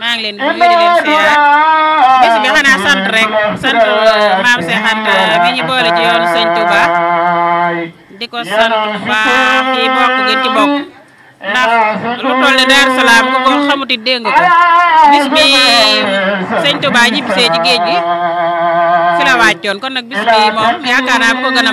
maa leen di nuyu di leen siyaar bi xanaa sant rek sant maam Cheikh Anta bi ñu boole ci yoonu sëñ Touba di ko sant baax ci bokk gi ci bokk ndax lu toll ne Daaru Salaam ku ko xamuti dégg ko bis bi sëñ Touba ñibbisee ci géej gi la wàccoon kon nag bis moom yaakaar naa bu ko gën a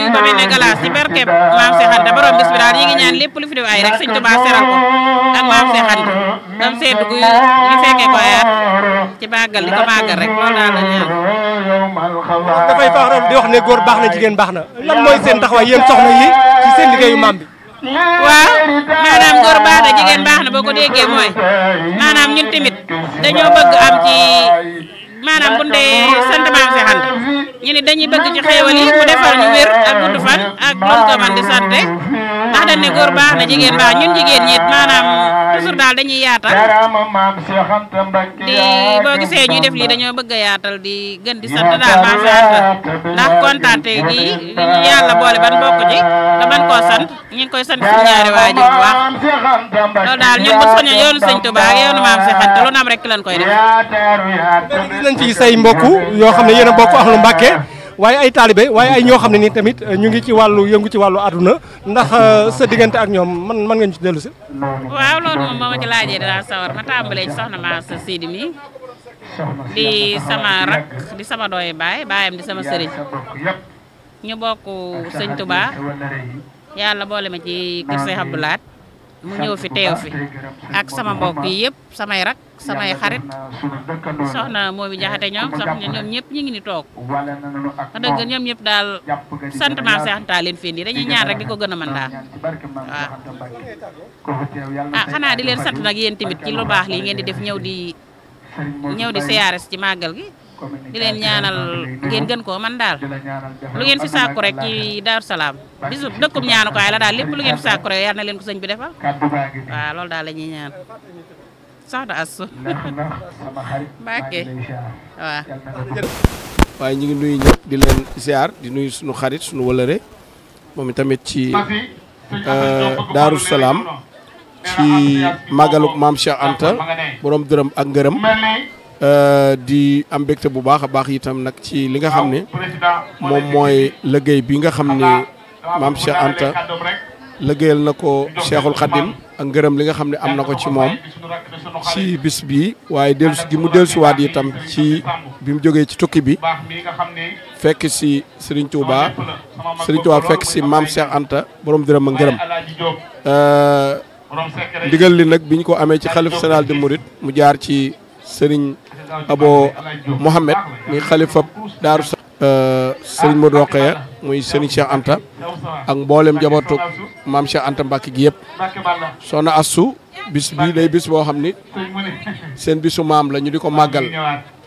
commune Galas ci barkeb maam Cheikh Anta borom bis bi daal ñi ngi ñaan lépp lu fi def ay rek sëñ Tuubaa seral ko ak maam Cheikh Anta dam seedu gu ñu fekkee ko ayaat ci màggal di ko màggal rek loolu daal la ñaan dafay faax rek di wax ne góor baax na jigéen baax na lan mooy seen taxawaay yéen soxna yi ci seen maanaam bu dee sant maam si xant ñu ne bëgg ci xéewal yi mu defal ñu wér a gudd fan ak loolu ko di sante ndax dañ ne góor baax na jigéen baax ñun jigéen ñi it maanaam toujours daal dañuy yaatal ah. di boo gisee ñuy def dañoo bëgg yaatal di gën di iya, sant daal macha allah iya, ndax kontaante iya, gi ñu yàlla boole ban bokk ci da ban koo sant ñu koy sant suñu ñaari waajur bu baax loolu daal bu soññee yoonu sëñ Tuubaa ak yoonu maam si xanta lu nam rek koy def. ci say ak lu waaye ay taalibe waaye ay ñoo xam ne nii tamit euh, ñu ngi ci wàllu yëngu ci wàllu àdduna ndax euh, sa diggante ak ñoom man man ngeen ci dellu si. waaw loolu moom ma ci laajee dinaa sawar ma tàmbalee soxna ma sa Sidi mi di sama rak di sama dooy baay baayam di sama sëriñ ñu bokk sëñ Touba yàlla boole ma ci kër Seex Abdou Lahat mu ñëw fi teew fi ak sama mbokk yi yëpp samay rak samay xarit soxna moomi jaxate ñoom soxna ñoom ñëpp ñu ngi ni toog a dëgg ñoom ñëpp daal sant Maam Seex leen fii nii dañuy ñaan rek di ko gën a mën daal waaw ah xanaa di leen sant nag yéen tamit ci lu baax lii ngeen di def ñëw di ñëw di siyaare ci màggal gi di len ñaanal ngeen gën ko man dal lu ngeen fi sakku rek ci Daaru Salaam bisub dëkkum ñaanukaay la dal lepp lu ngeen fi sakku rek yar na len ko señ bi defal wa lol daal lañuy ñaan soxna asu baake wa way ñi ngi nuyu ñep di len ziar di nuyu suñu xarit suñu wëlëre moom tamit ci euh, Daaru ci magaluk mam Cheikh Anta borom deureum ak ngeureum Euh, di am mbégte bu baax a baax itam nag ci li nga xam ni moom mooy liggéey bi nga xam ni maam Cheikh Anta liggéeyal na ko Cheikhul Khadim ak ngërëm li nga xam ne am na ko ci moom ci bis bi waaye dellusi gi mu si waat itam ci bi mu jógee ci tukki bi fekk si Serigne Touba Serigne Touba fekk si maam Cheikh Anta borom dërëm a ngërëm euh, ndigal li nag biñ ko amee ci xalif général de Mouride mu jaar ci sëriñ abo Mohamed muy xalifa daaru sa euh, sëriñ Modou Rokhaya muy sëriñ Cheikh Anta ak mboolem jabootu maam Cheikh Anta Mbacke gi yëpp soxna Astou bis bii day bis boo xam ni seen bisu maam la ñu di ko màggal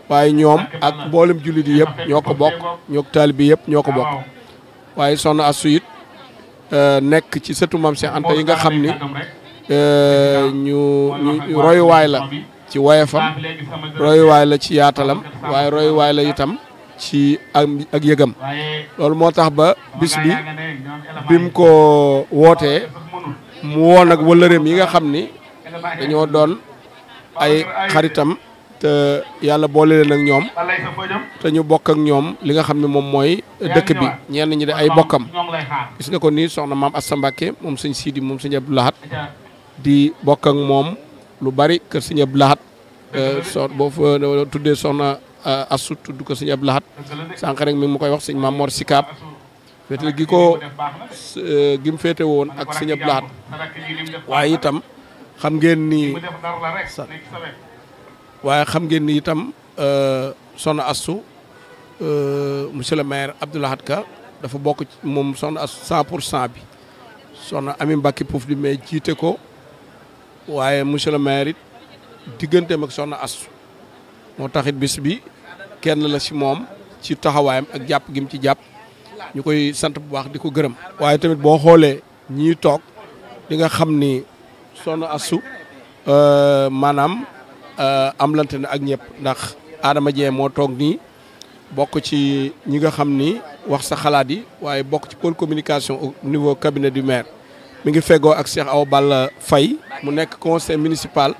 waaye ñoom ak mboolem jullit yi yëpp ñoo ko bokk ñoo taalibe bi yëpp ñoo ko bokk waaye soxna Astou it euh, nekk ci sëtu maam Cheikh Anta yi nga xam ni euh, ñu royuwaay la ci woyefam royuwaay la ci yaatalam waaye royuwaay la itam ci ak yëgam loolu moo tax ba bis bi bi ko wootee mu woon ak wëllëreem yi nga xam ni dañoo doon ay xaritam te yàlla boole leen ak ñoom te ñu bokk ak ñoom li nga xam ne moom mooy dëkk bi ñenn ñi de ay bokkam gis nga ko nii soxna maam Assa Mbacke moom sëñ Sidi moom sëñ Abdou Lahad di bokk ak moom lu bari keur seigne Abdou euh so boo fa eh, tuddé soxna eh, Assu tuddu ko seigne Abdou sank rek mi mu koy wax seigne mamour sikap féetal gi ko eh, gi mu féete woon ak seigne Abdou waye itam xam ngeen ni waye xam ngeen ni itam euh soxna euh monsieur le maire Abdou Lahad Ka dafa bok mom soxna Assu 100 bi soxna Ami bakki Pouf di me jité ko waaye monsieur le maire it digganteem ak soxna Astu moo taxit bis bi kenn la ci moom ci taxawaayam ak jàpp gim ci jàpp ñu koy sant bu baax di ko gërëm. waaye tamit boo xoolee ñii toog di nga xam ni soxna Astu euh, maanaam euh, amlante na ak ñëpp ndax Adama Dieng moo toog nii bokk ci ñi nga xam ni wax sa xalaat yi waaye bokk ci pôle communication au niveau cabinet du maire mi ngi fegoo ak Cheikh aw Balla fay mu nekk conseil municipal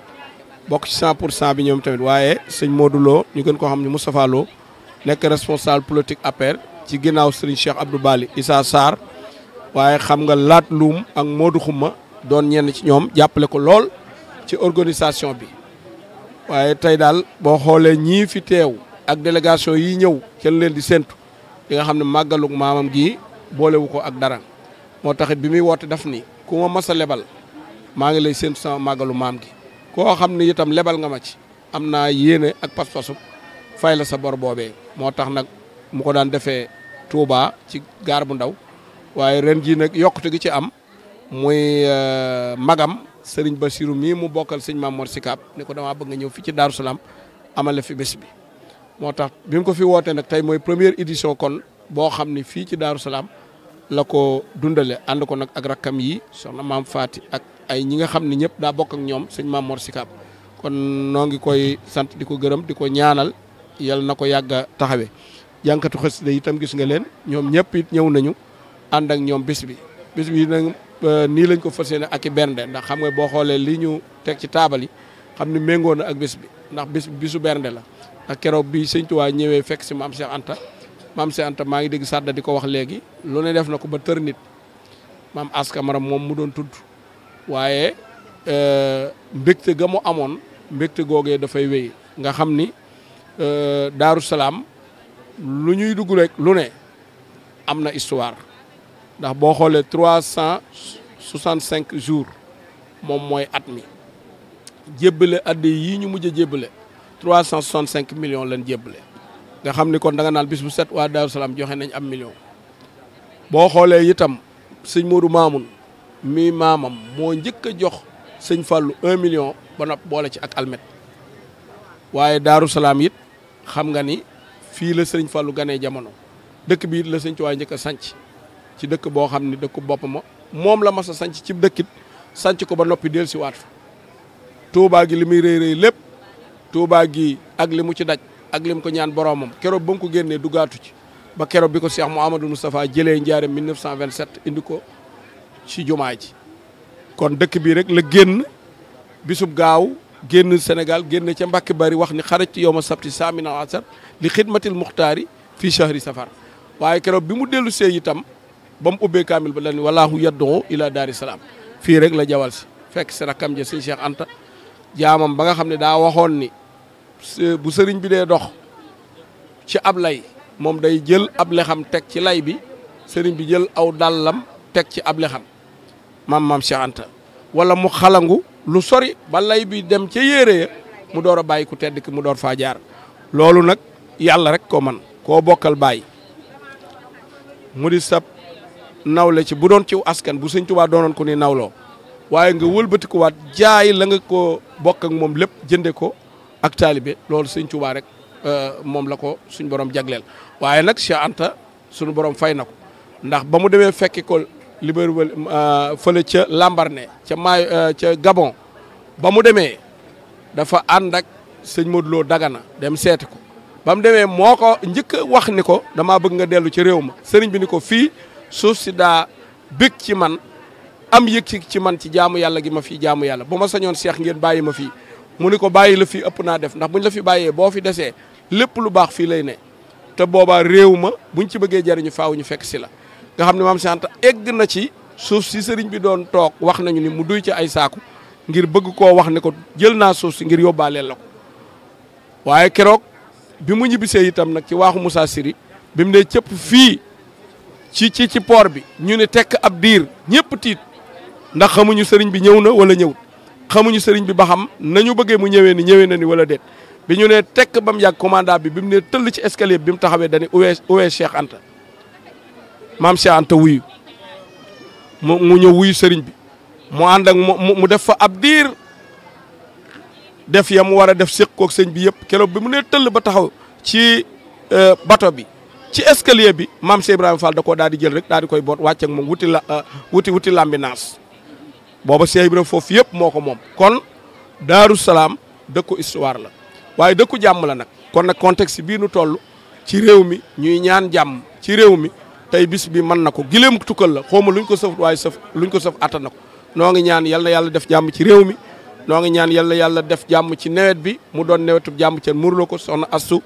bokk ci 100 pour cent bi ñoom tamit waaye sëñ Modou ñu gën koo xam ne Moustapha Lo nekk responsable politique APR ci ginnaaw Serigne Cheikh Abdou Bali Issa Sarr waaye xam nga laat luum ak Modou Xuma doon ñenn ci ñoom jàppale ko lool ci organisation bi waaye tey daal boo xoolee ñii fi teew ak délégation yi ñëw ca leen di séntu di nga xam ne màggalug maamam gi boolewu ko ak dara moo taxit bi muy woote daf ni ku ma mas a lebal maa ngi lay séntu sama màggalu maam gi koo xam ne itam lebal nga ma am naa yéene ak pas-pasu fay la sa bor boobee moo tax nag mu ko daan defee Touba ci gaar bu ndaw waaye ren jii nag yokkute gi ci am muy euh, magam Serigne Bassirou mii mu bokkal sëñ Maam moor Sikaab ne ko damaa bëgg nga ñëw fi ci Daaru Salaam amale fi bés bi moo tax bi ko fi wootee nag tey mooy première édition kon boo xam ni fii ci Daaru Salaam la ko dundale ànd ko nag ak rakkam yi soxna maam Faati ak ay ñi nga xam ne ñëpp daa bokk ak ñoom sëñ maam Mor Sikaab kon noo ngi koy sant di ko gërëm di ko ñaanal yal na ko yàgg a taxawee. jànkatu xasida itam gis nga leen ñoom ñëpp it ñëw nañu ànd ak ñoom bis bi bis bi nag nii lañ ko fas yéene ak i bernde ndax xam boo xoolee li ñu teg ci taabal yi xam ne méngoo na ak bis bi ndax bis bisu bernde la ndax keroog bi tu waa ñëwee fekk si maam Cheikh Anta. Mam si Anta ngi deg Sadda di wax legi lu ne def nako ba teur nit maam aska maram moom mu doon waye euh mbekté ga mu mbekté gogé da fay wéy nga xamni euh daru salam lu ñuy dugg rek lu ne amna histoire ndax bo xolé 365 jours mom moy atmi mi jébbale yi ñu mujjé a 365 millions lañ nga xamni ni kon da nga nal bis bu set wa daru salam joxe nañ am million bo xolé yitam seigne Modou Mamoun mi mamam mo ñeuk jox seigne fallu 1 million ba nopp boole ci ak almet waye daru salam yit xam nga ni fi le seigne fallu gané jamono dekk bi le seigne sëñ ñeuk sanc ci dekk bo xamni dekk bopama mom la massa sanc ci dëkkit sanc ko ba del ci wat Touba gi limi reey reey lepp Touba gi ak limu ci daj ak lim ko ñaan boromam kéro bu mu génné du gatu ci ba kéro bi ko Cheikh mohamadou Moustapha jélé ndiaré 1927 indi ko ci jumaa ji kon dëkk bi rek la génn bisub gaaw génn Sénégal génn ci mbacké bari wax ni ci yowma sabti samina asar li xidmatil mukhtari fi shahri safar waye kéro bi mu déllu sé itam ba mu ubbee kaamil ba lan wallahu walaahu ila dar salam fi rek la jawal ci fekk je Cheikh Anta jaamam ba nga xamné da waxon ni bu sëriñ bi dee dox ci ab lay moom day jël ab lexam teg ci lay bi sëriñ bi jël aw dàllam teg ci ab lexam maam maam Cheikh Anta wala mu xalangu lu sori ba lay bi dem ca yére ya mu door a bàyyi ku tedd ki mu door fa jaar loolu nag yàlla rek ko man koo bokkal bàyyi mu di sab nawle ci bu doon ciw askan bu sëñ Tuubaa doonoon ko ni nawloo waaye nga wëlbatikuwaat jaay la nga ko bokk ak moom lépp jënde ko ak taalibe loolu sëñ Tuubaa rek euh, moom la ko suñ borom jagleel waaye nag Cheikh Anta suñu borom fay na ko ndax ba mu demee fekki ko Libreville euh, fële ca Lambaréné ca May euh, ca Gabon ba mu demee dafa ànd ak sëñ Modou Lo Dagana dem seeti ko ba mu demee moo ko njëkk wax ni ko damaa bëgg nga dellu ci réew ma sëriñ bi ni ko fii suuf si daa bëgg ci man am yëg ci man ci jaamu yàlla gi ma fii jaamu yàlla boo ma sañoon seex ngeen bàyyi ma fii mu ni ko bàyyi la fii ëpp naa def ndax buñ la fi bàyyee boo fi desee lépp lu baax fii lay ne te boobaa réew ma buñ ci bëggee jariñu faaw ñu fekk si la nga xam ne maam Santa egg na ci suuf si sëriñ bi doon toog wax nañu ni mu duy ci ay saaku ngir bëgg koo wax ne ko jël naa suuf si ngir yóbbaaleel la waaye keroog bi mu ñibbisee itam nag ci waaxu Moussa Siri bi mu ne cëpp fii ci ci ci poor bi ñu ne tekk ab diir ñëpp tiit ndax xamuñu sëriñ bi ñëw na wala ñëwut xamuñu sëriñ bi ba xam nañu bëggee mu ñëwee ni ñëwee na wala déet bi ñu nee tekk ba mu yàgg commandant bi bi mu nee tëll ci escalier bi mu taxawee dañuy uwee uwee Cheikh Anta maam Cheikh Anta mu mu ñëw wuyu sëriñ bi mu ànd ak mu def fa ab diir def ya mu war a def séq koog sëñ bi yëpp keroog bi mu ne tëll ba taxaw ci euh, bato bi ci escalier bi maam Cheikh Ibrahima Fall da koo daal di jël rek daal di koy boot wàcc moom wuti la euh, wuti wuti lambinaas booba Cheikh Ibrahima foofu yëpp moo ko moom kon Daaru Salaam dëkku histoire la waaye dëkku jàmm la nag kon nag contexte bii nu toll ci réew mi ñuy ñaan jàmm ci réew mi tey bis bi mën na ko gileem tukkal la xawma luñ ko sëf waaye sëf luñ ko sëf attan na ko noo ngi ñaan yal na yàlla def jàmm ci réew mi noo ngi ñaan yal na yàlla def jàmm ci nawet bi mu doon nawetu jàmm ca murlo ko soxna Astou